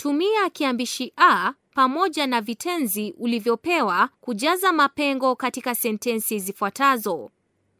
Tumia kiambishi a pamoja na vitenzi ulivyopewa kujaza mapengo katika sentensi zifuatazo.